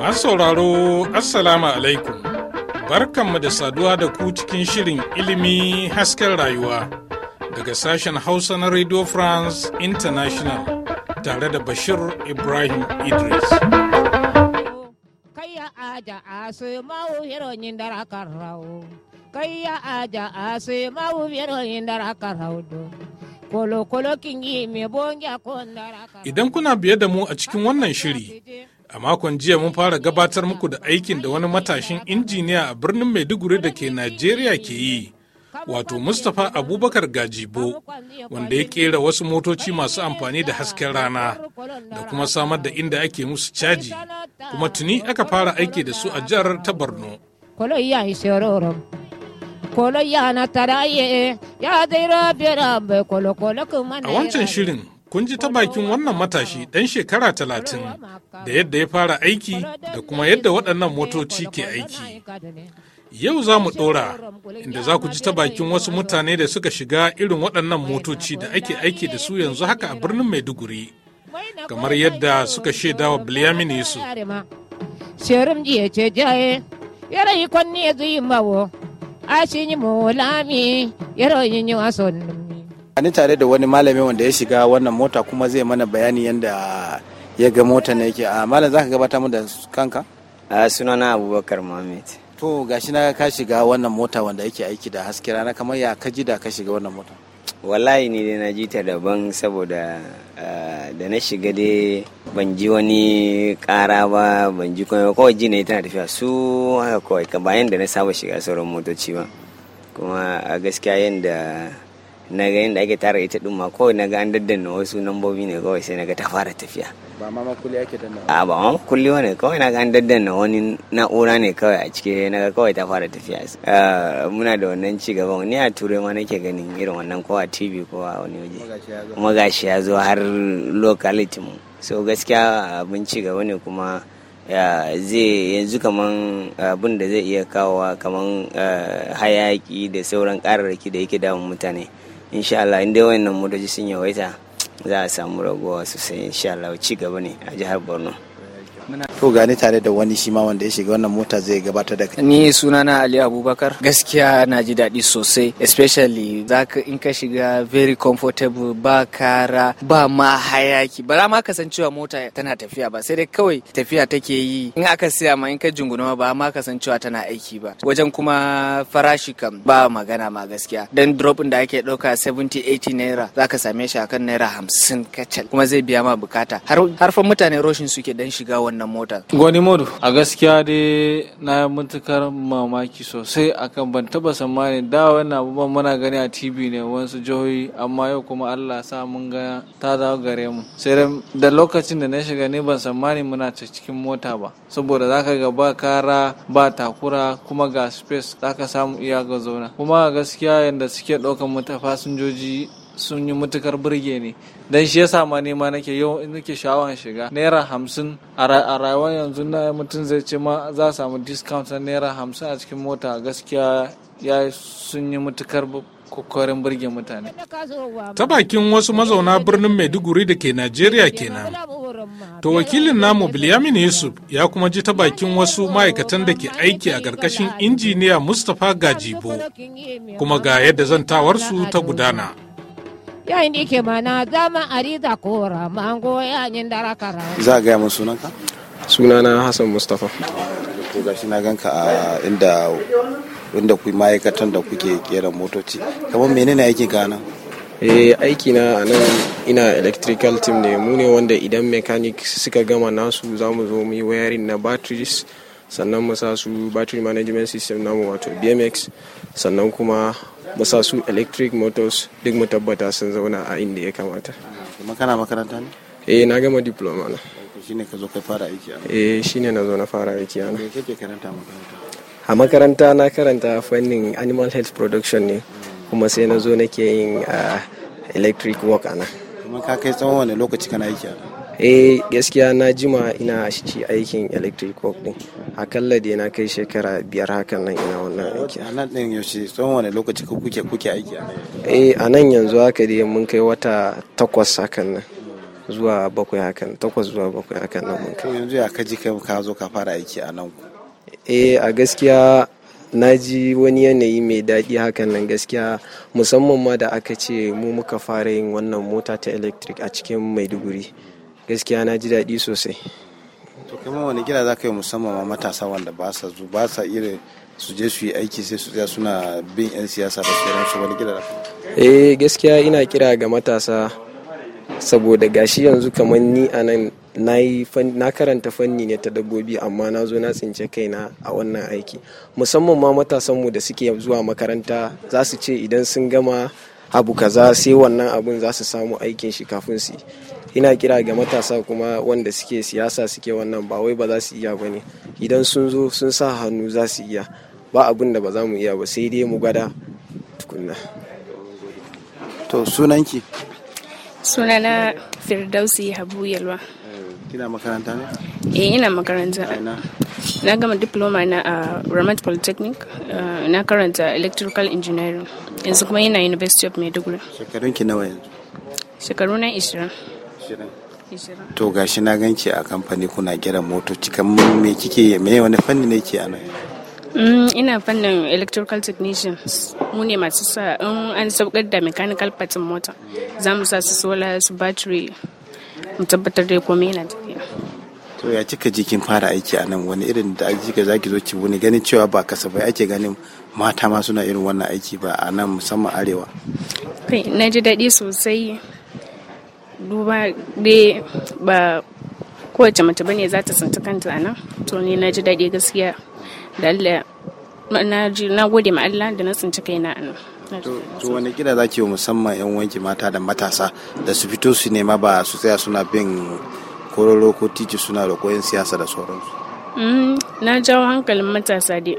Masu sauraro, Assalamu alaikum. Barkanmu da saduwa da ku cikin shirin ilimi hasken rayuwa daga sashen Hausa na Radio France International tare da Bashir Ibrahim Idris. Kayya aja asu mawu hiroyin dara Kayya aja asu mawu dara kan rawo. Idan kuna biye da mu a cikin wannan shiri, a makon jiya mun fara gabatar muku da aikin da wani matashin injiniya a birnin Maiduguri da ke Najeriya ke yi, wato Mustapha Abubakar Gajibo, wanda ya kera wasu motoci masu amfani da hasken rana da kuma samar da inda ake musu caji, kuma tuni aka fara aiki da su a jihar ta Borno. kolo yana taraye ya zai rabe rabe kolo kolo kuma A wancan shirin kun ji ta bakin wannan matashi dan shekara talatin da yadda ya fara aiki da kuma yadda waɗannan motoci ke aiki. Yau za mu ɗora inda za ku ji ta bakin wasu mutane da suka shiga irin waɗannan motoci da ake aiki da su yanzu haka a birnin Maiduguri. kamar yadda suka shaida wa Bilyamin su. Sherim ce jaye, ashinyi mulami yaroyin yi wason ni tare da wani malami wanda ya shiga wannan mota kuma zai mana bayani yadda ya ga mota na yake a malam zaka gabata mu da kanka a sunana abubakar mohammed to gashi na ka shiga wannan mota wanda yake aiki da haske rana kamar ya kaji da ka shiga wannan mota wallahi ni dai na ji ta daban saboda eh, da na shiga dai ban ji wani kara ba ban ji kuma kawai ji na tana tafiya su haka kawai ka bayan da na saba shiga sauran motoci ba kuma a gaskiya yadda na ga yadda ake tara ita din ma kawai na ga an daddana wasu nambobi ne kawai sai na ga ta fara tafiya ba ma kulli ake danna a ba ma kulli wani kawai na ga an daddana wani na'ura ne kawai a cike na ga kawai ta fara tafiya ah, muna da wannan ci gaba ni a turai ma nake ganin irin wannan ko a tv ko a wani waje kuma gashi ya zo har locality mu so gaskiya abin ci gaba ne kuma zai yanzu kaman abin da zai iya kawowa kaman ah, hayaki da sauran kararraki da yake damun mutane insha Allah in wayannan modoji sun yawaita za a samu raguwa sosai insha Allah ci gaba ne a jihar Borno to gani tare da wani shi ma wanda ya shiga wannan mota zai gabata da ni sunana ali abubakar gaskiya na ji daɗi sosai especially zaka in ka shiga very comfortable ba kara ba ma hayaki ba ma kasancewa mota tana tafiya ba sai dai kawai tafiya take yi in aka siya ma in ka jinguna ba ma kasancewa tana aiki ba wajen kuma farashi kam ba magana ma gaskiya dan drop da ake ɗauka 70 80 naira zaka same shi akan naira 50 kacal kuma zai biya ma bukata har fa mutane roshin suke dan shiga wannan wannan motar. Gwani Modu, a gaskiya dai na matukar mamaki sosai akan ban taba tsammanin da wannan abubuwan muna gani a TV ne wasu jihohi amma yau kuma Allah sa mun ga ta zama gare mu. Sai da lokacin da na shiga ne ban tsammanin muna ta cikin mota ba saboda zaka ga ba kara ba takura kuma ga space zaka samu iya ga zauna. Kuma a gaskiya yadda suke ɗaukan mata fasinjoji sun yi matukar burge ni dan shi yasa ma nema nake yau nake sha'awar shiga naira hamsin a rayuwar yanzu na mutum zai ce ma za a samu discount na naira hamsin a cikin mota gaskiya ya sun yi matukar kokarin burge mutane. Ta bakin wasu mazauna birnin Maiduguri da ke Najeriya kenan. To wakilin namu Bilyamin Yusuf ya kuma ji ta bakin wasu ma'aikatan da ke aiki a karkashin injiniya Mustapha Gajibo kuma ga yadda zantawarsu ta gudana. ya indi ke mana zama arida kora mango ya yin dara kara za ga mun sunanka sunana hasan Mustafa to gashi na ganka a inda inda ku ma'aikatan da kuke kera motoci kamar menene yake gana eh aiki na nan ina electrical team ne mu ne wanda idan mechanic suka gama nasu zamu zo mu yi wiring na batteries sannan masa su battery management system namu wato bmx sannan kuma masa su electric motors duk mu tabbata sun zauna a inda ya kamata kuma kana makaranta ne eh na gama diploma na shine ka zo ka fara aiki a eh shine na zo na fara aiki a kake karanta makaranta a makaranta na karanta fannin animal health production ne kuma sai na zo nake yin ah, electric work ana kuma ka kai tsawon wani lokaci kana aiki a eh gaskiya na jima ina shi aikin electric work din akalla da na kai shekara biyar hakan nan ina wannan aiki a nan din yaushe tsawon wani lokaci ko kuke kuke aiki a nan eh a nan yanzu haka dai mun kai wata takwas hakan nan zuwa bakwai hakan takwas zuwa bakwai hakan nan mun kai yanzu ya kaji kai ka zo ka fara aiki a nan eh a gaskiya na ji wani yanayi mai daɗi hakan nan gaskiya musamman ma da aka ce mu muka fara yin wannan mota ta electric a cikin maiduguri gaskiya na ji daɗi sosai to kuma wani kira za ka yi musamman ma matasa wanda ba sa zu ba sa irin su je su yi aiki sai su tsaya suna bin 'yan siyasa da su wani kira eh gaskiya ina kira ga matasa saboda gashi yanzu kamar ni a nan na karanta fanni ne ta dabbobi amma na zo na tsince kaina a wannan aiki musamman ma matasan mu da suke zuwa makaranta za su ce idan sun gama abu kaza sai wannan abun za su samu aikin shi kafin su ina kira ga matasa kuma wanda suke siyasa suke wannan ba wai ba za su iya bane idan sun zo sun sa hannu za su iya ba abin da ba za mu iya ba sai dai mu gwada tukunna to sunanki sunana firdausi habu yalwa kina makaranta ne eh ina makaranta na gama diploma na a ramat polytechnic eh, na karanta electrical engineering yanzu kuma yana university of maiduguri shekarunki nawa yanzu shekaru na ishirin to ga shi na ganci a kamfani kuna gyara motoci kamar me kike me wani fanni ne ke ana mm, ina fannin electrical technician mu ne masu sa in an saukar da mechanical parts mota za mu sa su solar su battery mu tabbatar da komai yana tafiya to ya cika jikin fara aiki a nan wani irin da aiki ka zaki zo ki wani ganin cewa ba kasafai ake ganin mata ma suna irin wannan aiki ba a nan musamman arewa na ji daɗi sosai duba dai ba kowace mace bane za ta tsinci kanta a nan to ni na ji daɗi gaskiya da Allah na gode ma Allah da na tsinci kaina a nan to wani kira za ki musamman yan wanki mata da matasa da su fito su nema ba su tsaya suna bin kororo ko titi suna koyon siyasa da sauransu mm, na jawo hankalin matasa dai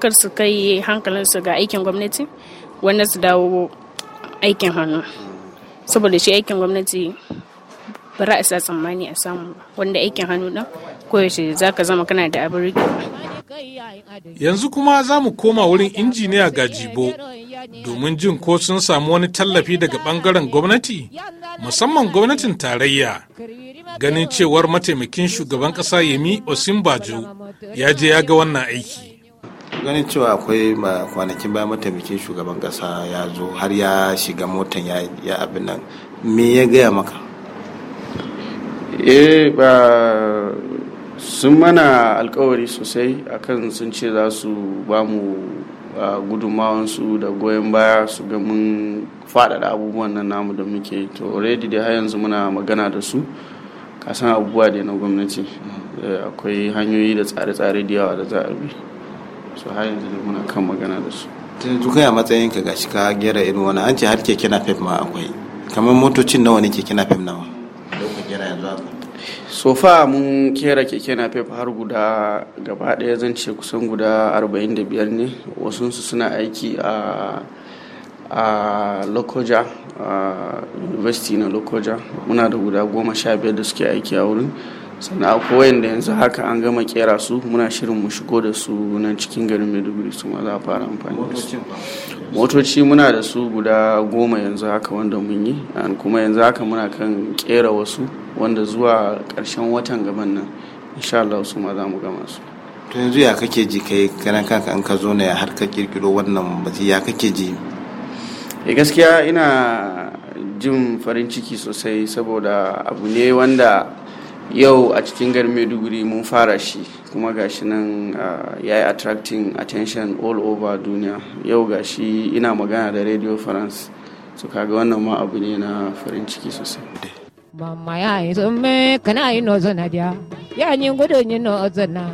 kar su kai hankalinsu ga aikin gwamnati wanda su dawo aikin hannu saboda shi aikin gwamnati ba za a sa tsammani a samu wanda aikin hannu ɗan koyaushe za ka zama kana da abin yanzu kuma za mu koma wurin injiniya ga jibo domin jin ko sun samu wani tallafi daga bangaren gwamnati musamman gwamnatin tarayya ganin cewar mataimakin shugaban ƙasa yemi osimbajo ya je ya ga wannan aiki ganin cewa akwai kwanakin bayan mataimakin shugaban kasa ya zo har ya shiga motan ya abin nan me ya gaya maka eh ba sun mana alkawari sosai akan sun ce za su ba mu gudunmawansu da goyon baya su ga mun faɗaɗa abubuwan nan namu da muke to already da har yanzu muna magana da su kasan abubuwa da na gwamnati mm. eh, akwai hanyoyi da tsare-tsare da yawa da za a bi su har yanzu da muna kan magana da su yanzu kai a matsayin ka gashi ka gera irin wani an ce har kina fef ma akwai kamar motocin nawa ne kina fef nawa da gera yanzu haka so fa mun kera keke napep har guda gaba ɗaya zan ce kusan guda 45 ne wasu suna aiki a a lokoja a university na lokoja muna da guda goma sha biyar da suke aiki a wurin sannan akwai wayanda yanzu haka an gama kera su muna shirin mu shigo da su nan cikin garin maiduguri su ma za a fara amfani da su motoci muna da su guda goma yanzu haka wanda mun yi kuma yanzu haka muna kan kera wasu wanda zuwa karshen watan gaban nan insha Allah su ma za mu gama su to yanzu ya kake ji kai kana kanka an ka zo ne har ka kirkiro wannan bazi ya kake ji e gaskiya ina jin farin ciki sosai saboda abu ne wanda yau a cikin garin maiduguri mun fara shi kuma gashi nan ya yi attracting attention all over duniya yau gashi ina magana da radio france su kaga wannan ma abu ne na farin ciki sosai mama ya yi tsumme kana yi no zana dia ya yi gudun yi no zana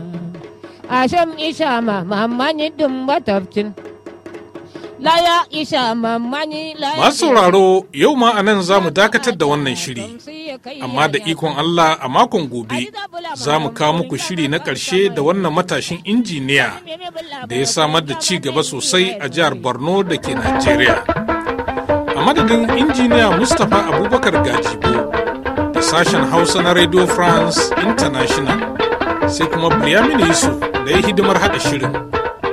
a shan isha mama amma ni dun batafcin Ma sauraro yau ma a nan za mu dakatar da wannan shiri amma da ikon Allah a makon gobe za mu kawo muku shiri na ƙarshe da wannan matashin injiniya da ya samar da ci gaba sosai a jihar Borno da ke Najeriya. A madadin injiniya Mustapha Abubakar Gajibo da sashen Hausa na Radio France International sai kuma Bilyamini Yusuf da ya hidimar haɗa shirin.